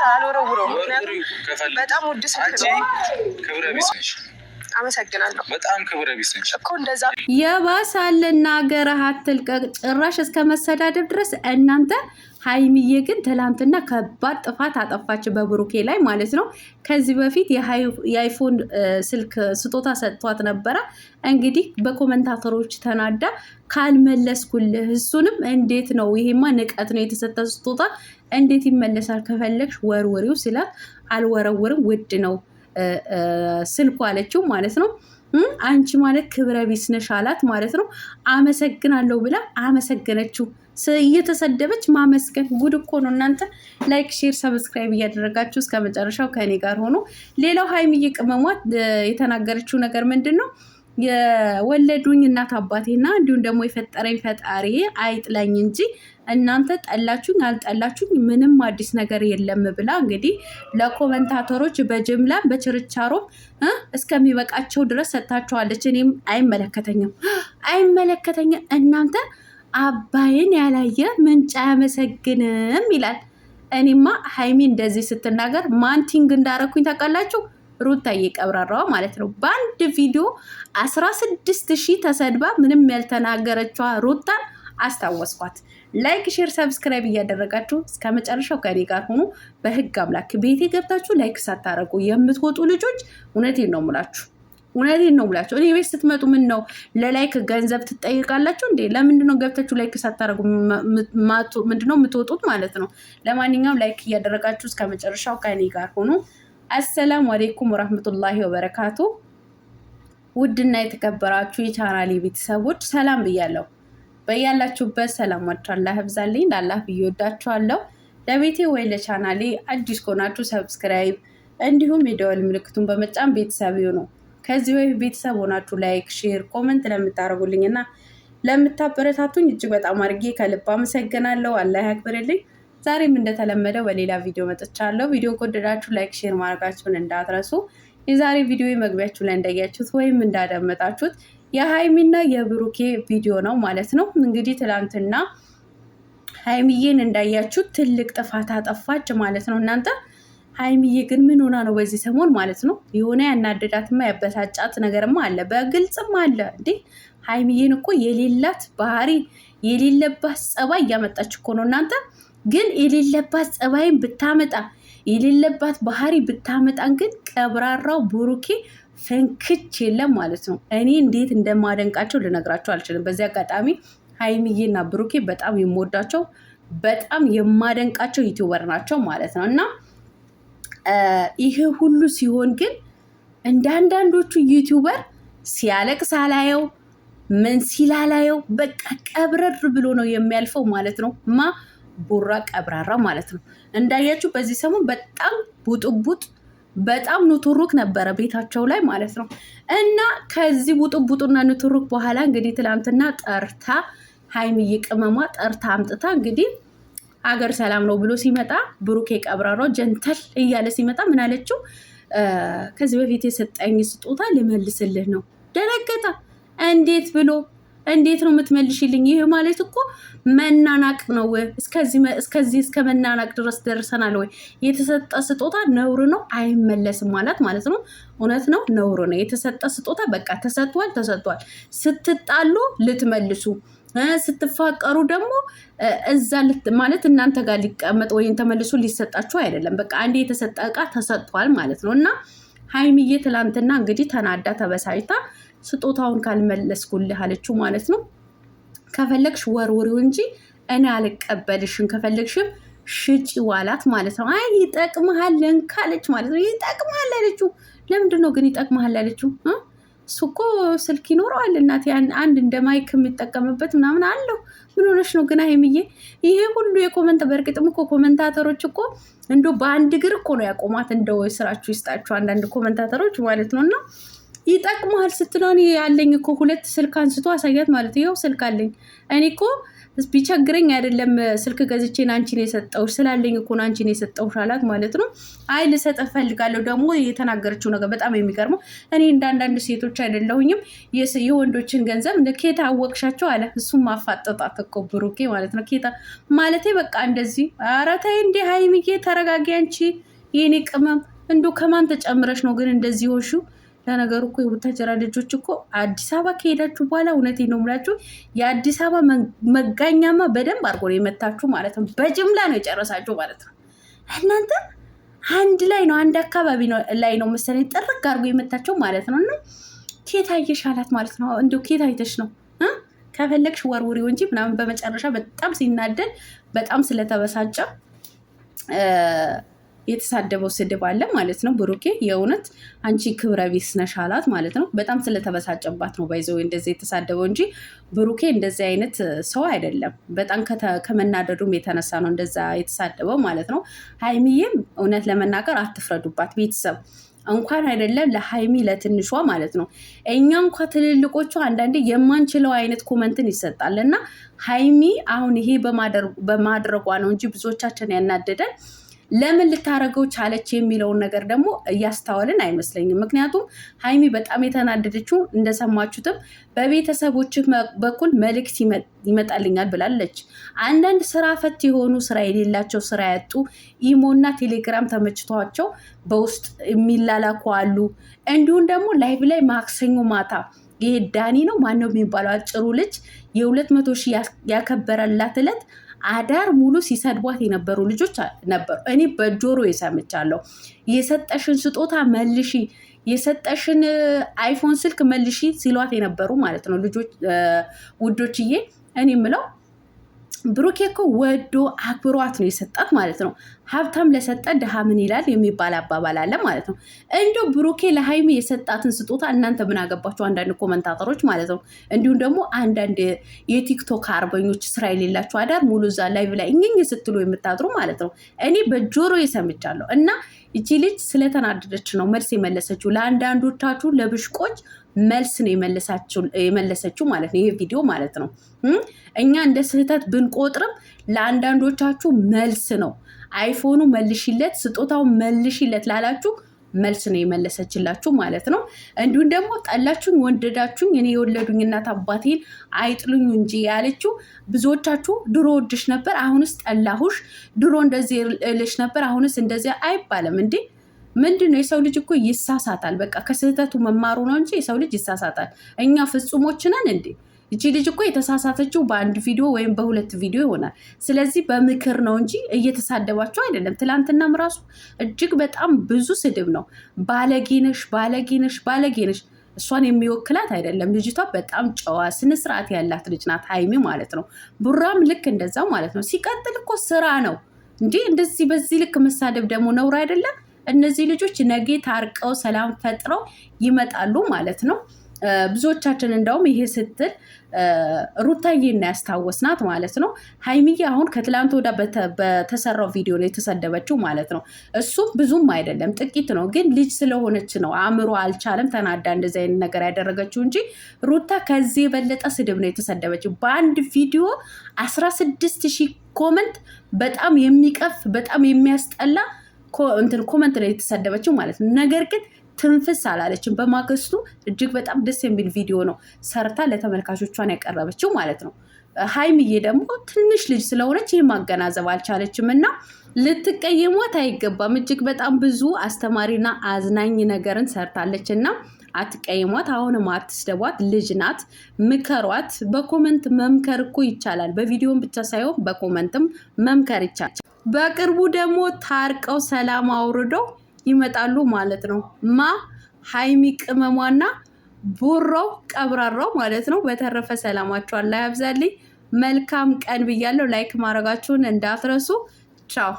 ይቅርታ አልወረውረው፣ ምክንያቱም በጣም ውድ ስልክ ነው። አመሰግናለሁ። በጣም ክብረ ቢስ ነች እኮ እንደዛ የባሰ አለና አትልቀቅ ጭራሽ እስከ መሰዳደብ ድረስ እናንተ። ሀይሚዬ ግን ትላንትና ከባድ ጥፋት አጠፋች በብሩኬ ላይ ማለት ነው። ከዚህ በፊት የአይፎን ስልክ ስጦታ ሰጥቷት ነበረ። እንግዲህ በኮመንታተሮች ተናዳ ካልመለስኩልህ እሱንም እንዴት ነው ይሄማ ንቀት ነው የተሰጠ ስጦታ እንዴት ይመለሳል? ከፈለግሽ ወርውሪው ስላት አልወረውርም ውድ ነው ስልኩ አለችው ማለት ነው። አንቺ ማለት ክብረ ቢስ ነሽ አላት ማለት ነው። አመሰግናለሁ ብላ አመሰገነችው። እየተሰደበች ማመስገን ጉድ እኮ ነው እናንተ። ላይክ፣ ሼር፣ ሰብስክራይብ እያደረጋችሁ እስከ መጨረሻው ከእኔ ጋር ሆኖ ሌላው ሀይሚዬ ቅመሟት የተናገረችው ነገር ምንድን ነው? የወለዱኝ እናት አባቴና እንዲሁም ደግሞ የፈጠረኝ ፈጣሪ አይጥለኝ እንጂ እናንተ ጠላችሁኝ አልጠላችሁኝ ምንም አዲስ ነገር የለም ብላ እንግዲህ ለኮመንታተሮች በጅምላ በችርቻሮም እስከሚበቃቸው ድረስ ሰጥታችኋለች። እኔም አይመለከተኝም አይመለከተኝም እናንተ አባይን ያላየ ምንጭ አያመሰግንም ይላል። እኔማ ሀይሚ እንደዚህ ስትናገር ማንቲንግ እንዳረኩኝ ታውቃላችሁ። ሩታዬ ቀብራራዋ ማለት ነው። በአንድ ቪዲዮ አስራ ስድስት ሺህ ተሰድባ ምንም ያልተናገረችዋ ሩታን አስታወስኳት። ላይክ፣ ሼር፣ ሰብስክራይብ እያደረጋችሁ እስከ መጨረሻው ከኔ ጋር ሆኖ በህግ አምላክ ቤቴ ገብታችሁ ላይክ ሳታረጉ የምትወጡ ልጆች እውነቴን ነው ሙላችሁ እውነቴን ነው ሙላችሁ። እኔ ቤት ስትመጡ ምን ነው ለላይክ ገንዘብ ትጠይቃላችሁ እንዴ? ለምንድነው ገብታችሁ ላይክ ሳታረጉ ምንድነው የምትወጡት ማለት ነው? ለማንኛውም ላይክ እያደረጋችሁ እስከ መጨረሻው ከኔ ጋር ሆኖ አሰላሙ አሌይኩም ወራህመቱላሂ ወበረካቱ። ውድና የተከበራችሁ የቻናሌ ቤተሰቦች ሰላም ብያለሁ። በያላችሁበት ሰላማችሁ አላህ ህብዛልኝ። ላላህ ብዬ ወዳችኋለሁ። ለቤቴ ወይ ለቻናሌ አዲስ ከሆናችሁ ሰብስክራይብ፣ እንዲሁም የደወል ምልክቱን በመጫን ቤተሰብ ይሁኑ። ከዚህ ወይ ቤተሰብ ሆናችሁ ላይክ፣ ሼር፣ ኮመንት ለምታደርጉልኝ እና ለምታበረታቱኝ እጅግ በጣም አድርጌ ከልብ አመሰግናለሁ። አላህ ያክብርልኝ። ዛሬም እንደተለመደው በሌላ ቪዲዮ መጥቻለሁ። ቪዲዮ ከወደዳችሁ ላይክ፣ ሼር ማድረጋችሁን እንዳትረሱ። የዛሬ ቪዲዮ መግቢያችሁ ላይ እንዳያችሁት ወይም እንዳደመጣችሁት የሀይሚና የብሩኬ ቪዲዮ ነው ማለት ነው። እንግዲህ ትላንትና ሀይሚዬን እንዳያችሁት ትልቅ ጥፋት አጠፋች ማለት ነው። እናንተ ሀይሚዬ ግን ምን ሆና ነው በዚህ ሰሞን ማለት ነው? የሆነ ያናደዳትማ ያበሳጫት ነገርማ አለ፣ በግልጽም አለ። እንዴ ሀይሚዬን እኮ የሌላት ባህሪ የሌለባት ጸባይ እያመጣች እኮ ነው እናንተ ግን የሌለባት ጸባይን ብታመጣ የሌለባት ባህሪ ብታመጣን ግን ቀብራራው ብሩኬ ፍንክች የለም ማለት ነው። እኔ እንዴት እንደማደንቃቸው ልነግራቸው አልችልም። በዚህ አጋጣሚ ሀይሚዬና ብሩኬ በጣም የምወዳቸው በጣም የማደንቃቸው ዩቲዩበር ናቸው ማለት ነው እና ይሄ ሁሉ ሲሆን ግን እንደ አንዳንዶቹ ዩቲዩበር ሲያለቅስ አላየው ምን ሲላላየው በቃ ቀብረር ብሎ ነው የሚያልፈው ማለት ነው ማ ቡራ ቀብራራ ማለት ነው። እንዳያችሁ በዚህ ሰሞን በጣም ቡጥቡጥ በጣም ኑትሩክ ነበረ ቤታቸው ላይ ማለት ነው። እና ከዚህ ቡጡቡጡና ኑትሩክ በኋላ እንግዲህ ትላንትና ጠርታ ሀይሚዬ ቅመሟ ጠርታ አምጥታ እንግዲህ ሀገር ሰላም ነው ብሎ ሲመጣ ብሩኬ ቀብራራው ጀንተል እያለ ሲመጣ ምን አለችው? ከዚህ በፊት የሰጠኝ ስጦታ ልመልስልህ ነው። ደነገጠ። እንዴት ብሎ እንዴት ነው የምትመልሽልኝ? ይህ ማለት እኮ መናናቅ ነው። እስከዚህ እስከ መናናቅ ድረስ ደርሰናል ወይ? የተሰጠ ስጦታ ነውር ነው አይመለስም ማለት ማለት ነው። እውነት ነው፣ ነውር ነው። የተሰጠ ስጦታ በቃ ተሰጥቷል፣ ተሰጥቷል። ስትጣሉ ልትመልሱ ስትፋቀሩ ደግሞ እዛ ማለት እናንተ ጋር ሊቀመጥ ወይም ተመልሶ ሊሰጣችሁ አይደለም። በቃ አንዴ የተሰጠ እቃ ተሰጥቷል ማለት ነው። እና ሀይሚዬ ትላንትና እንግዲህ ተናዳ ተበሳጭታ ስጦታውን ካልመለስኩልህ አለችው ማለት ነው። ከፈለግሽ ወርውሪው እንጂ እኔ አልቀበልሽም፣ ከፈለግሽም ሽጪ ዋላት ማለት ነው። አይ ይጠቅመሃል ለንካለች ማለት ነው። ይጠቅመሃል አለችው። ለምንድን ነው ግን ይጠቅመሃል አለችው? እሱ እኮ ስልክ ይኖረዋል እናቴ፣ አንድ እንደ ማይክ የሚጠቀምበት ምናምን አለው። ምን ሆነሽ ነው ግን ሀይሚዬ? ይሄ ሁሉ የኮመንት በእርግጥም እኮ ኮመንታተሮች እኮ እንደ በአንድ እግር እኮ ነው ያቆማት። እንደ ስራችሁ ይስጣችሁ አንዳንድ ኮመንታተሮች ማለት ነው እና ይጠቅመሃል ስትለውን ያለኝ እኮ ሁለት ስልክ አንስቶ አሳያት ማለት ይኸው ስልክ አለኝ። እኔ እኮ ቢቸግረኝ አይደለም ስልክ ገዝቼን አንቺን የሰጠሁሽ ስላለኝ እኮ አንቺን የሰጠሁሽ አላት ማለት ነው። አይ ልሰጥ እፈልጋለሁ። ደግሞ የተናገረችው ነገር በጣም የሚገርመው እኔ እንዳንዳንድ ሴቶች አይደለሁኝም የወንዶችን ገንዘብ ኬታ አወቅሻቸው አለ። እሱም ማፋጠጣት እኮ ብሩኬ ማለት ነው። ኬታ ማለቴ በቃ እንደዚህ ኧረ ተይ እንዴ ሀይሚዬ ተረጋጊ አንቺ የኔ ቅመም እንዶ ከማን ተጨምረሽ ነው ግን እንደዚህ ሆንሽው? ለነገሩ እኮ የቡታጀራ ልጆች እኮ አዲስ አበባ ከሄዳችሁ በኋላ እውነት ነው የምላችሁ የአዲስ አበባ መጋኛማ በደንብ አድርጎ ነው የመታችሁ ማለት ነው። በጅምላ ነው የጨረሳችሁ ማለት ነው። እናንተ አንድ ላይ ነው አንድ አካባቢ ላይ ነው መሰለኝ ጥርግ አድርጎ የመታቸው ማለት ነው። እና ኬት አየሽ ማለት ነው። እንዲ ኬት አይተሽ ነው ከፈለግሽ ወርውሪው እንጂ ምናምን በመጨረሻ በጣም ሲናደል በጣም ስለተበሳጨ የተሳደበው ስድብ አለ ማለት ነው። ብሩኬ የእውነት አንቺ ክብረ ቢስ ነሽ አላት ማለት ነው። በጣም ስለተበሳጨባት ነው ባይዘ እንደዚህ የተሳደበው እንጂ ብሩኬ እንደዚህ አይነት ሰው አይደለም። በጣም ከመናደዱም የተነሳ ነው እንደዛ የተሳደበው ማለት ነው። ሀይሚዬም እውነት ለመናገር አትፍረዱባት ቤተሰብ እንኳን አይደለም ለሀይሚ ለትንሿ ማለት ነው። እኛ እንኳ ትልልቆቹ አንዳንዴ የማንችለው አይነት ኮመንትን ይሰጣል እና ሀይሚ አሁን ይሄ በማድረጓ ነው እንጂ ብዙዎቻችን ያናደደን ለምን ልታደርገው ቻለች የሚለውን ነገር ደግሞ እያስተዋልን አይመስለኝም። ምክንያቱም ሀይሚ በጣም የተናደደችው እንደሰማችሁትም በቤተሰቦች በኩል መልእክት ይመጣልኛል ብላለች። አንዳንድ ስራ ፈት የሆኑ ስራ የሌላቸው ስራ ያጡ ኢሞና ቴሌግራም ተመችቷቸው በውስጥ የሚላላኩ አሉ። እንዲሁም ደግሞ ላይቭ ላይ ማክሰኞ ማታ ይሄ ዳኒ ነው ማነው የሚባለው አጭሩ ልጅ የሁለት መቶ ሺህ ያከበረላት ዕለት አዳር ሙሉ ሲሰድቧት የነበሩ ልጆች ነበሩ። እኔ በጆሮ የሰምቻለሁ። የሰጠሽን ስጦታ መልሺ፣ የሰጠሽን አይፎን ስልክ መልሺ ሲሏት የነበሩ ማለት ነው ልጆች ውዶችዬ እኔ የምለው ብሩኬ እኮ ወዶ አክብሯት ነው የሰጣት ማለት ነው። ሀብታም ለሰጠ ድሃ ምን ይላል የሚባል አባባል አለ ማለት ነው። እንዲ ብሩኬ ለሀይሚ የሰጣትን ስጦታ እናንተ ምን አገባችሁ? አንዳንድ ኮመንታተሮች ማለት ነው። እንዲሁም ደግሞ አንዳንድ የቲክቶክ አርበኞች ስራ የሌላቸው አዳር ሙሉ እዛ ላይቭ ላይ እኝኝ ስትሉ የምታጥሩ ማለት ነው። እኔ በጆሮ የሰምቻለሁ እና እቺ ልጅ ስለተናደደች ነው መልስ የመለሰችው። ለአንዳንዶቻችሁ ለብሽቆች መልስ ነው የመለሰችው ማለት ነው፣ ይሄ ቪዲዮ ማለት ነው። እኛ እንደ ስህተት ብንቆጥርም ለአንዳንዶቻችሁ መልስ ነው። አይፎኑ መልሽለት፣ ስጦታው መልሽለት ላላችሁ መልስ ነው የመለሰችላችሁ ማለት ነው። እንዲሁም ደግሞ ጠላችሁኝ፣ ወንደዳችሁኝ እኔ የወለዱኝ እናት አባቴን አይጥሉኝ እንጂ ያለችው ብዙዎቻችሁ ድሮ ወድሽ ነበር፣ አሁንስ ጠላሁሽ፣ ድሮ እንደዚህ ልሽ ነበር፣ አሁንስ እንደዚህ አይባልም እንዴ! ምንድን ነው የሰው ልጅ እኮ ይሳሳታል። በቃ ከስህተቱ መማሩ ነው እንጂ የሰው ልጅ ይሳሳታል። እኛ ፍጹሞች ነን እንዴ? እቺ ልጅ እኮ የተሳሳተችው በአንድ ቪዲዮ ወይም በሁለት ቪዲዮ ይሆናል። ስለዚህ በምክር ነው እንጂ እየተሳደባቸው አይደለም። ትላንትናም ራሱ እጅግ በጣም ብዙ ስድብ ነው። ባለጌነሽ፣ ባለጌነሽ፣ ባለጌነሽ እሷን የሚወክላት አይደለም። ልጅቷ በጣም ጨዋ ስነስርዓት ያላት ልጅ ናት፣ ሀይሚ ማለት ነው። ቡራም ልክ እንደዛ ማለት ነው። ሲቀጥል እኮ ስራ ነው እንዴ! እንደዚህ በዚህ ልክ መሳደብ ደግሞ ነውር አይደለም። እነዚህ ልጆች ነገ ታርቀው ሰላም ፈጥረው ይመጣሉ ማለት ነው። ብዙዎቻችን እንደውም ይሄ ስትል ሩታዬን ያስታወስናት ማለት ነው። ሀይሚዬ አሁን ከትላንት ወዳ በተሰራው ቪዲዮ ላይ የተሰደበችው ማለት ነው። እሱም ብዙም አይደለም ጥቂት ነው፣ ግን ልጅ ስለሆነች ነው አእምሮ አልቻለም፣ ተናዳ እንደዚህ አይነት ነገር ያደረገችው እንጂ ሩታ ከዚህ የበለጠ ስድብ ነው የተሰደበችው በአንድ ቪዲዮ አስራ ስድስት ሺህ ኮመንት በጣም የሚቀፍ በጣም የሚያስጠላ እንትን ኮመንት ነው የተሰደበችው ማለት ነው። ነገር ግን ትንፍስ አላለችም። በማግስቱ እጅግ በጣም ደስ የሚል ቪዲዮ ነው ሰርታ ለተመልካቾቿን ያቀረበችው ማለት ነው። ሀይምዬ ደግሞ ትንሽ ልጅ ስለሆነች ይህ ማገናዘብ አልቻለችም እና ልትቀየሟት አይገባም። እጅግ በጣም ብዙ አስተማሪና አዝናኝ ነገርን ሰርታለች እና አትቀይሟት። አሁንም አትስደቧት። ልጅ ናት፣ ምከሯት። በኮመንት መምከር እኮ ይቻላል። በቪዲዮም ብቻ ሳይሆን በኮመንትም መምከር ይቻላል። በቅርቡ ደግሞ ታርቀው ሰላም አውርደው ይመጣሉ ማለት ነው። ማ ሀይሚ ቅመሟና ቡሮው ቀብራራው ማለት ነው። በተረፈ ሰላማችሁ አላህ ያብዛልኝ። መልካም ቀን ብያለሁ። ላይክ ማድረጋችሁን እንዳትረሱ። ቻው